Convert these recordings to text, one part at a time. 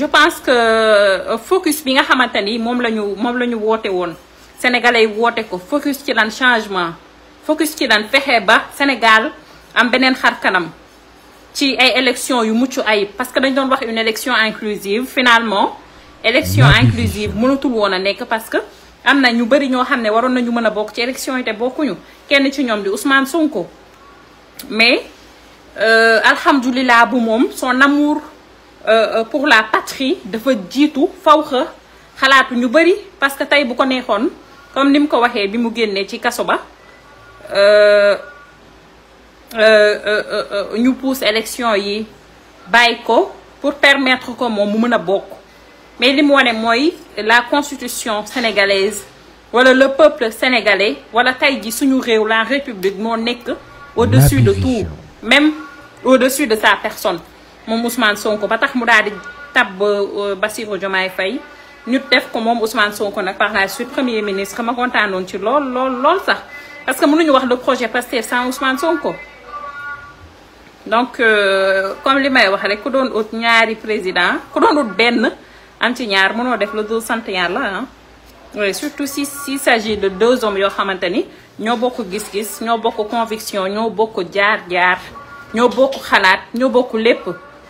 je pense que euh, focus bi nga xamante mom lañu mom lañu woté won sénégalais woté ko focus ci lan changement focus ci lan fexe ba Sénégal am benen xar kanam ci ay élection yu muccu ay parce que dañ doon wax une élection inclusive finalement élection inclusive mënatul wona nek parce que am ñu bari ño xamné waron nañu mëna bok ci élection yi te bokkuñu kenn ci ñom di Ousmane Sonko mais euh, alhamdoulillah bu mom son amour euh, euh, pour la patrie dafa jitu faw xa ñu tout, parce que tay bu ko comme nous ko waxe bi euh, élection pour permettre mu mais la constitution sénégalaise voilà le peuple sénégalais wala la république au-dessus de tout même au-dessus de sa personne moom Ousmane Sonko ba tax mu dadi tab tabb euh, Bassirou Diomaye Faye ñu def ko mom Ousmane Sonko nak par la suite premier ministre ma kontaanoon ci lool lool lool sax parce que mënuñu wax le projet Pastef sans Ousmane Sonko. donc euh, comme li may wax rek ku doon ut ñaari président ku doon ut ben am ci ñaar mënoo def le dul sant yàlla ah. oui surtout si s'il s'agit de deux hommes yo xamanteni ño ñoo bokk gis-gis ño bokk conviction ño bokk jaar-jaar ño bokk xalaat ño bokk lepp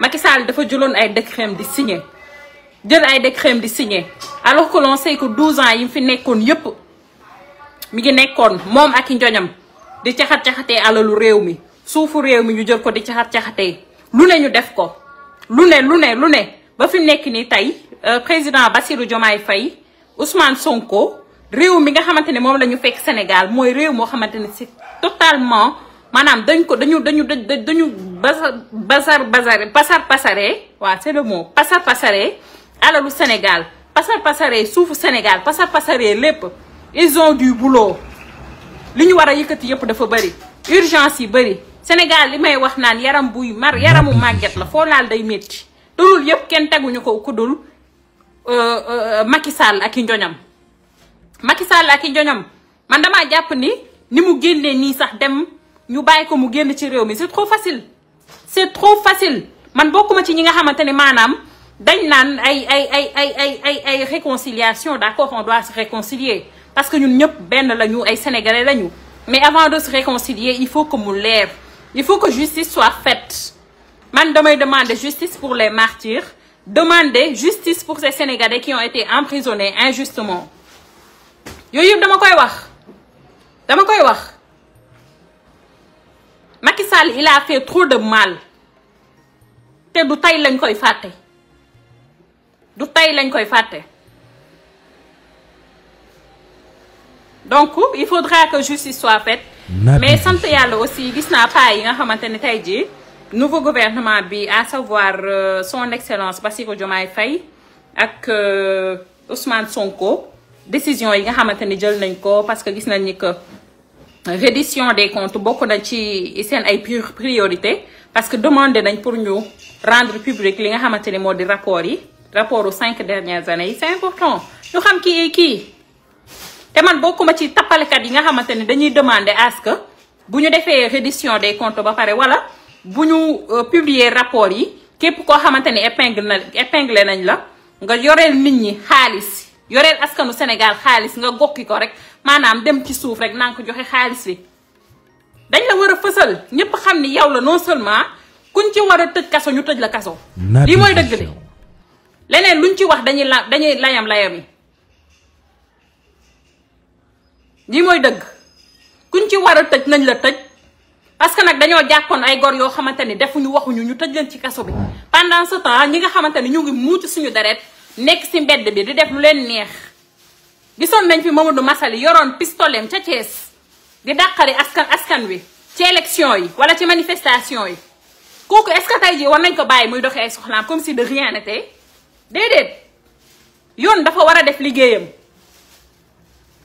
Macky Sall dafa jëloon ay décret di signé jël ay décret di signé alors que l'on sait que 12 ans yim fi nekkoon yépp mi ngi nekkoon mom ak i njoñam di caxat caxatee alalu réew mi suufu réew mi ñu jël ko di caxat caxatee lu ne ñu def ko lu ne lu ne lu ne ba fi mu nekk nii tey euh, président Bassirou Diomaye Faye Ousmane Sonko réew mi nga xamante mom lañu fekk Sénégal moy réew mo xamante c'est totalement. maanaam dañ ko dañu dañu dañu basar basar pasar pasaree waa c'est le mot pasar pasaree alalu Sénégal pasar pasaree suufu Sénégal pasar pasaree lépp ils ont du boulot li ñu war a yëkkati yëpp dafa bëri urgence yi bëri Sénégal li may wax naan yaram buy mar yaramu màgget la foo laal day métti te yëpp kenn teguñu ko kuddul euh, euh, Macky Sall ak i njoñam Macky Sall ak i njoñam man dama jàpp ni ni mu génnee nii sax dem Nous mu c'est trop facile c'est trop facile man veux ci dañ réconciliation d'accord on doit se réconcilier parce que nous sénégalais mais avant de se réconcilier il faut que mu lève il faut que justice soit faite man damay demander justice pour les martyrs demander justice pour ces sénégalais qui ont été emprisonnés injustement dama Macky il a fait trop de mal te du tay lañ koy faté. du tay lañ koy faté. donc il faudra que justice soit faite. mais te Yalla aussi gis na pas yi nga xamanteni tay ji nouveau gouvernement bi à savoir euh, son excellence Bassirou Diomaye Faye ak euh, Ousmane Sonko décision yi nga xamanteni ni jël nañ ko parce que gis nañ ni que reddition des comptes beaucoup na ci une ay priorité parce que demandé nañ pour ñu rendre public li nga xamante modi rapport yi rapport aux cinq dernières années c'est important ñu xam ki ki te man bokuma ci kat yi nga xamante dañuy demander à ce que bu ñu reddition des comptes ba pare wala buñu euh, publier rapport yi képp ko xamante ni épingle na épingle nañ la nga yoreel nit ñi xaalis yoreel askanu Sénégal xaalis nga gokki ko rek maanaam dem ci suuf rek nanga ko joxe xaalis yi dañ la war a fësal ñëpp xam ni yow la non seulement kuñ ci war a tëj kaso ñu tëj la kaso. lii mooy dëgg li leneen luñ ci wax dañuy la dañuy layam layam yi lii mooy dëgg kuñ ci war a tëj nañ la tëj parce que nag dañoo jàkkoon ay gor yoo xamante ni defuñu waxuñu ñu tëj leen ci kaso bi. Hmm. pendant ce temps ñi nga xamante ni ñu ngi muuc suñu deret nekk si mbedd bi di def lu leen neex. ils nañ fi Mamadou massali yoron pistolet ca Thiès di dakari askan askan wi ci élection yi wala ci manifestation yi kooku est-ce que tay war ko bàyyi muy comme si de rien n'était déedéet yoon dafa war def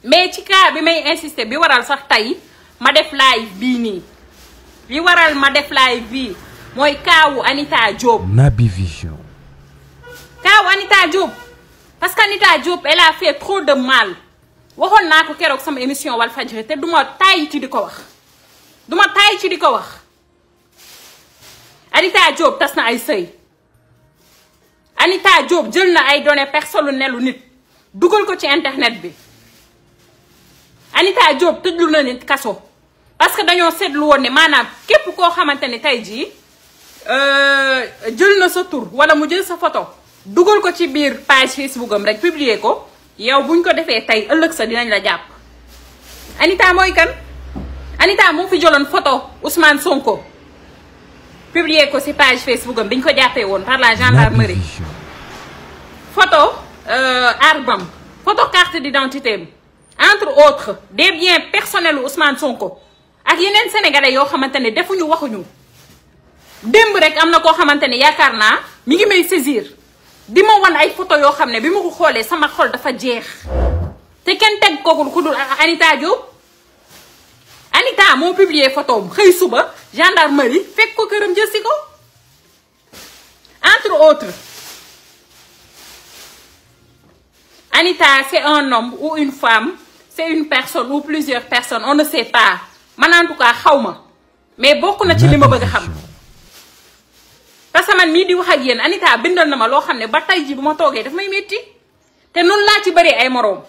mais ci cas bi may insister bi waral sax tay ma def live bii nii bi waral ma def live Anita Diop. nabi Vision. Anita Diop parce que Diop elle a fait trop de mal na elle émission de duma a ci taille wax duma a ci di wax Anita Diop tas na ay Anita Diop jël na ay données personnelles lu nit ko ci internet Anita Diop na nit parce que dans seetlu woon ne képp koo des euh, jël na dugal ko ci biir page Facebook rek publier ko yow buñ ko defee tey ëllëg sa dinañ la jàpp Anita mooy kan Anita moo fi joloon photo Ousmane Sonko publier ko ci page Facebook am biñ ko jàppee woon par la gendarmerie photo euh, arbam photo carte d'identité entre autres des biens personnels Ousmane Sonko ak yeneen sénégalais yoo xamante ne defuñu waxuñu démb rek am na koo xamante ne yaakaar naa mi ngi may saisir Dima, ma wan ay photo yo xam bima ma ko xolé sama xol dafa jeex té kenn teg kookul kudul Anita Diop Anita mo publier photo xey suba gendarmerie fekk ko këram jël entre autres Anita c'est un homme ou une femme c'est une personne ou plusieurs personnes on ne sait pas man en tout cas xawma mais bokk na ci li bëgg xam parce que man mii di wax ak yéen Anita bindal na ma loo xam ne ba tey ji bu ma toogee daf may métti te noonu laa ci bëri ay moroom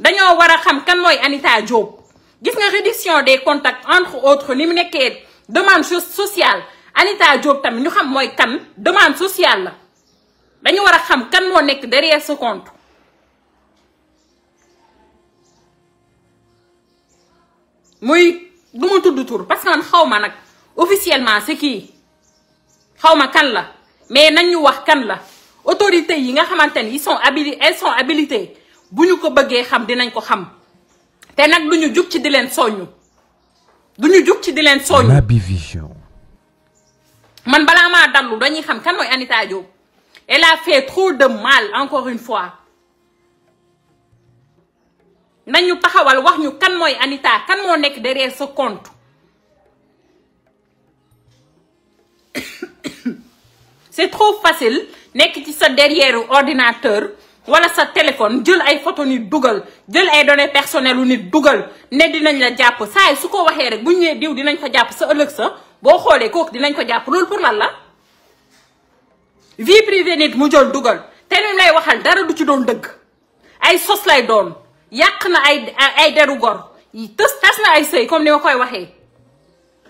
dañoo war a xam kan mooy Anita Diop gis nga réduction des contacts entre autres ni mu nekkee demande sociale Anita Diop tamit ñu xam mooy kan demande sociale la dañu war a xam kan moo nekk derrière ce compte muy du tudd tur parce que man xaw ma nag officiellement c'est kii xaw ma kan la mais nañ ñu wax kan la autorités yi nga xamante ni ils sont habili elles bu ñu ko bëggee xam dinañ ko xam te nag du ñu jug ci di leen soññu du ñu jug ci di leen soññu. Naby Vision. man balaa maa dallu dañuy xam kan mooy Anita Diop elle fait trop de mal encore une fois nañu taxawal wax ñu kan mooy Anita kan moo nekk derrière ce compte. c'est trop facile nekk ci sa derrière ordinateur wala sa téléphone jël ay photo nit dugal jël ay données personnelles nit dugal ne dinañ la jàpp saa su ko waxee rek bu ñu nee diw dinañ ko jàpp sa ëllëg sa boo xoolee kooku dinañ ko jàpp loolu pour lan la vie privée nit mu jël dugal te nim lay waxal dara du ci doon dëgg ay sos lay doon yàq na ay ay deru gor tës tas na ay sëy comme ni ma koy waxee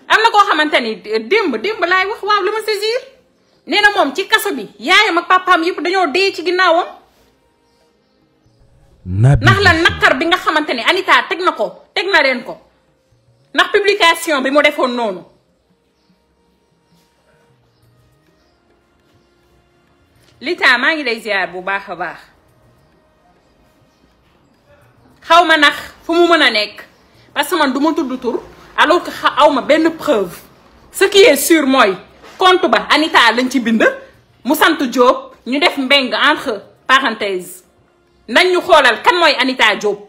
am na koo xamante ni démb démb wax waaw li ma saisir nee na moom ci kaso bi yaayam ak papaam yëpp dañoo dee ci ginnaawam. ndax la naqar bi nga xamante ni Anita teg na ko teg na leen ko ndax publication bi mu defoon noonu. Lita maa ngi lay ziar bu baax a baax xaw ma nax fu mu mën a nekk parce que man du ma tudd tur alors que xaw ma benn preuve ce qui est sûr mooy. compte ba Anita lañ ci bind mu sant Diop ñu def mbéng entre parenthèse nañ ñu xoolal kan mooy Anita Diop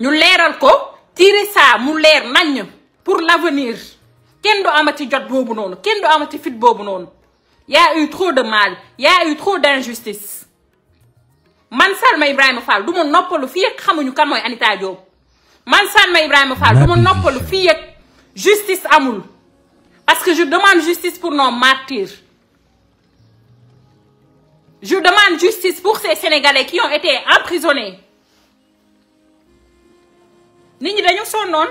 ñu leeral ko tirer ça mu leer nañ pour l'avenir kenn du ama ci jot boobu noonu kenn du ci fit boobu noonu y a de mal y a eu trop d'injustice man Salma Ibrahima Fall du ma noppalu fii ak xamuñu kan mooy Anita Diop man Salma Ibrahima Fall du ma noppalu fii ak justice amul. Parce que je demande justice pour nos martyrs. Je demande justice pour ces Sénégalais qui ont été emprisonnés. nit ñi dañu sonnon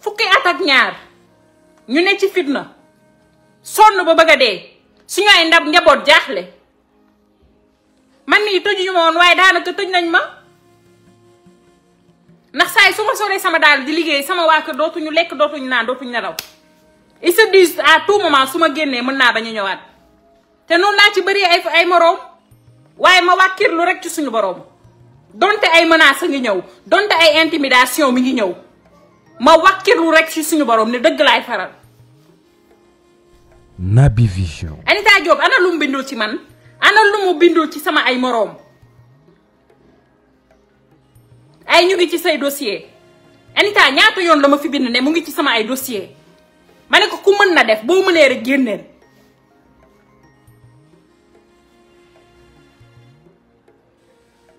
fukki at ak ñaar ñu né ci fitna sonn ba bëgg dé dee suñu ay ndab ñabot jaxlé man mii tëjuñu ma woon waaye daanaka tëj nañ ma. ndax saa yi su ma solee sama daal di liggéey sama waa kër ñu lekk dootuñu naan dootuñu nelaw ils se disent à tout moment su ma génnee mën naa bañ ñëwaat te noonu laa ci bëri ay ay moroom waaye ma wàkkirlu rek ci suñu boroom donte ay menaces ngi ñëw donte ay intimidation mi ngi ñëw ma wàkkirlu rek ci suñu boroom ni dëgg laay faral. Naby Vision. Anita Diop ana lu mu bindul ci man ana lu mu bindul ci sama ay moroom. ay ñu ngi ci say dossier Anita ñaata yoon la ma fi bind ne mu ngi ci sama ay dossier ma ne ko ku mën na def boo mënee rek génneel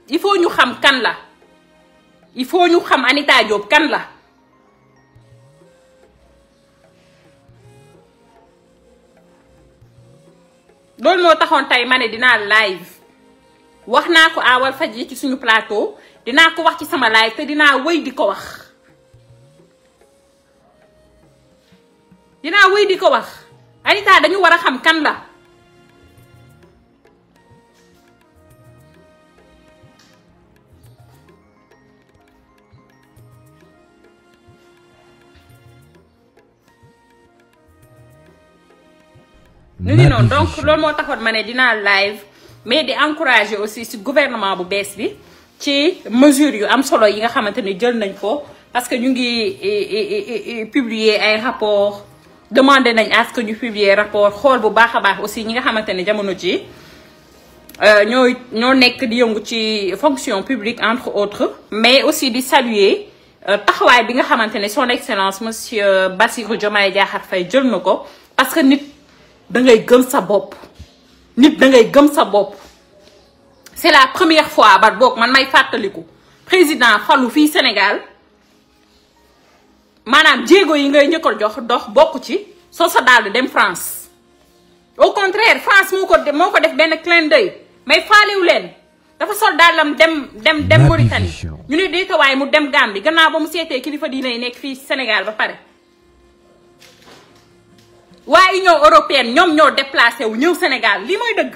il faut ñu xam kan la il faut ñu xam Anita Diop kan la loolu moo taxoon tey ma ne dinaa live wax naa ko awal faj yi ci suñu plateau dinaa ko wax ci sama live te dinaa wëy di ko wax dinaa woy di ko wax Anita dañu war a xam kan la ñu ngi noonu donc loolu moo taxoon ma ne dinaa live mais di encourager aussi ci gouvernement bu bees bi ci mesures yu am solo yi nga xamanteni jël nañ ko parce que ñu ngi eh, eh, eh, publier ay rapport demandé nañ à ce que ñu publier rapport xol bu baaxa baax aussi ñi nga xamanteni ne jamono ji euh, ñooy ñoo nekk di yëngu ci fonction publique entre autres mais aussi di saluer euh, taxawaay bi nga xamanteni son excellence monsieur Bassirou Diomaye Diakhar Faye jël na parce que nit da ngay gëm sa bop nit da ngay gëm sa bop c'est la première fois Barbok, boog man may fàttaliku président falu fi Sénégal manam Diego yi ngay ñëkkal jox dox bokku ci so sa dem France au contraire France moko ko moo def ben clin d'œil mais faalewu leen dafa sol dalam dem dem dem Mauritanie ñu ne dee ko mu dem Gambie gannaaw ba mu seetee kilifa diine yi nekk fi Sénégal ba paré waa Union européenne ñom ñoo déplacer wu ñew Sénégal li moy dëgg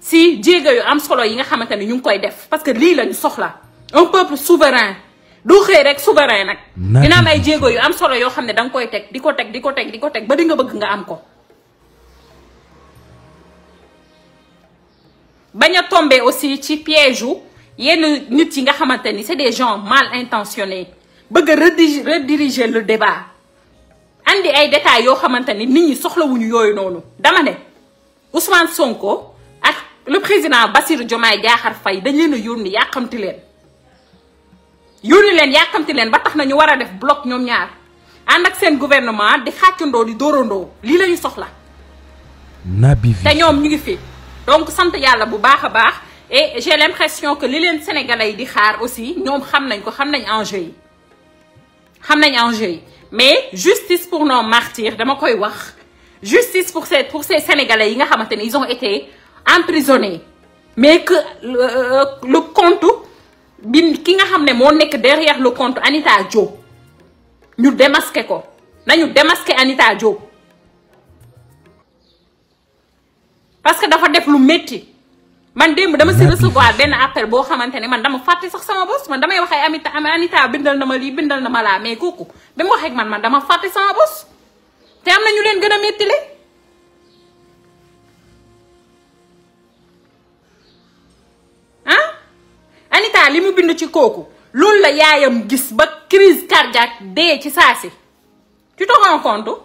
si Diego, yu am solo yi nga xamante ñu koy def parce que li la soxla un peuple souverain du xëy rek souverain nak dina am ay jéego yu am solo yo xam dang koy tek diko tek diko tek diko tek ba di nga bëgg nga am ko. baña tombé aussi ci piège yu yenn nit yi nga xamante c'est des gens mal intentionnés bëgg rediriger le débat andi ay détails yo xamante ni nit ñi wuñu yoyu nonu dama né Ousmane Sonko le président Bassir Diomaye Diakhar Fay dañ leen a yakamti leen yónni leen yakamti leen ba tax na ñu war def bloc ñom ñaar and ak seen gouvernement di xàccandoo di dóorandoo li la soxla nabi Naby te ñom ñu ngi fi donc sante yalla bu baaxa baax et j'ai l'impression que li leen sénégalais yi di xaar aussi ñom xam nañ ko xam nañ enjeu yi xam nañ enjeu yi mais justice pour nos martyrs dama koy wax justice pour ces pour ces sénégalais yi nga xamante ils ont été emprisonné mais que euh, le compte qui ki nga derrière le compte Anita Diop ñu démasquons. ko nañu Anita Diop parce que dafa def lu metti man dama recevoir ben appel bo man dama sax sama man wax ay Anita Anita bindal na ma li bindal na ma la mais bima ak man man dama sama leen bind ci kooku loolu la yaayam gis ba crise cardiaque dee ci saa si tu te rends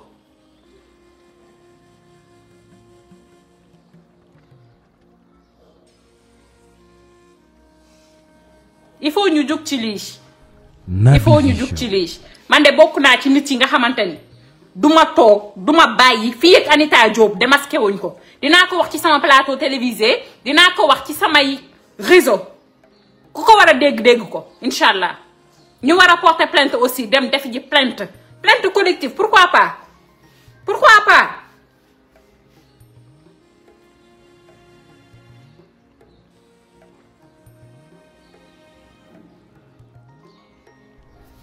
il faut ñu jug ci lii il ñu jug ci lii man de bokk naa ci nit yi nga xamante ni du ma toog du ma bàyyi fii ak Anita Diop wuñ ko dinaa ko wax ci sama plateau télévisé dinaa ko wax ci samay réseau ku ko war a dégg ko inshallah ñu porter plainte aussi dem def ji plainte plainte collective pourquoi pas pourquoi pas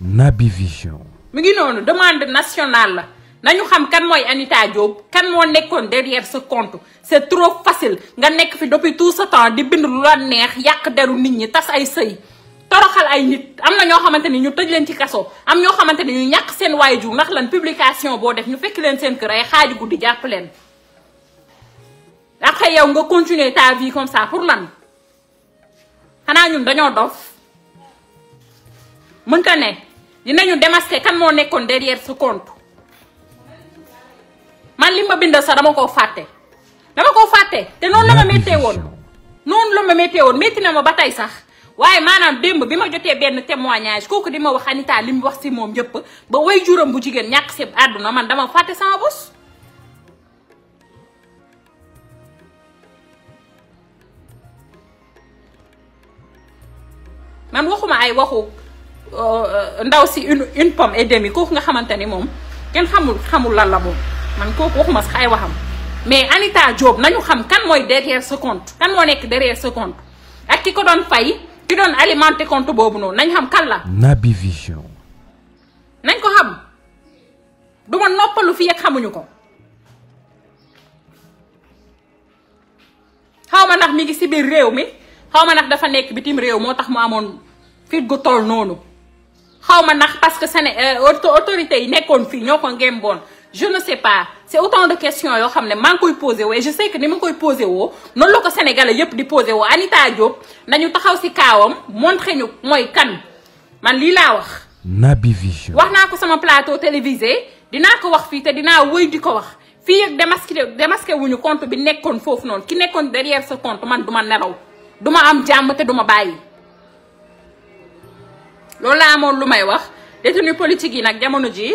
Nabi Vision Mais qui demande nationale nañu xam kan mooy Anita Diop kan moo nekkoon derrière ce compte c'est trop facile nga nekk fi depuis tout ce temps di bind lu la neex yàq deru nit ñi tas ay sëy toroxal ay nit am na ñoo xamante ni ñu tëj leen ci kaso am ñoo xamante ni ñu ñàkk seen waajur ndax lan publication boo def ñu fekk leen seen kër ay xaaju guddi jàpp leen après yow nga continuer ta vie comme ça pour lan xanaa ñun dañoo dof mënta ne dinañu démasquer kan moo nekkoon derrière s compte man li ma bindal sax dama koo fàtte dama koo fàtte te noonu la ma méttee woon noonu la ma méttee woon métti na ma ba tey sax waaye maanaam démb bi ma jotee benn témoignage kooku di ma wax li mu wax si moom yëpp ba way juróom bu jigéen ñàkk si àdduna man dama fàtte sama bos waxuma ay waxu euh, euh, ndaw si une une pomme et kooku nga xamante ni moom kenn xamul xamul lan la moom man kooku waxuma sax ay waxam mais Anita Diop nañu xam kan mooy derrière ce kan moo nekk derrière ce ak ki ko doon fay ki doon alimenté compte boobu noonu nañ xam kan la. Naby Vision. nañ ko xam du ma noppalu fii ak xamuñu ko xaw ma ndax mi ngi si biir réew mi xaw ma ndax dafa nekk bitim réew moo tax mu amoon fit gu toll noonu. xaw ma ndax parce que sene euh, autorité yi nekkoon fii ñoo ko ngémboon je ne sais pas C'est autant de questions yo, que les je sais que ni koy posé non, le sénégalais yépp posé Anita Diop nañu taxaw ci montré ñu kan man wax. Vision. wax sama plateau télévisé dina ko wax fi té dina woy di wax Fi ak démasquer démasquer wuñu compte bi nékkone fofu non. ki nékkone derrière ce compte man duma neraw. duma am jamm té duma la amone lumay wax détenu politique yi nak jamono ji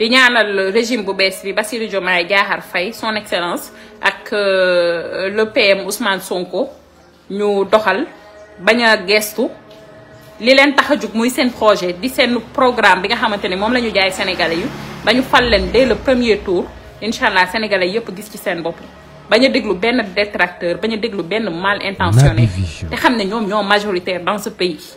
di ñaanal régime bu bees bi Bassirou Diomaye Diakhar Faye son excellence ak euh, le PM Ousmane Sonko ñu doxal bañ a gestu li leen tax a jug muy seen projet di seen programme bi nga xamante ne moom la ñu jaay sénégalais yu ba ñu fal leen dès le premier tour incha allah sénégalais yëpp gis ci seen bopp. bañ a déglu benn détracteur bañ a déglu benn mal intentionné te xam ne ñoom ñoo majoritaire dans ce pays.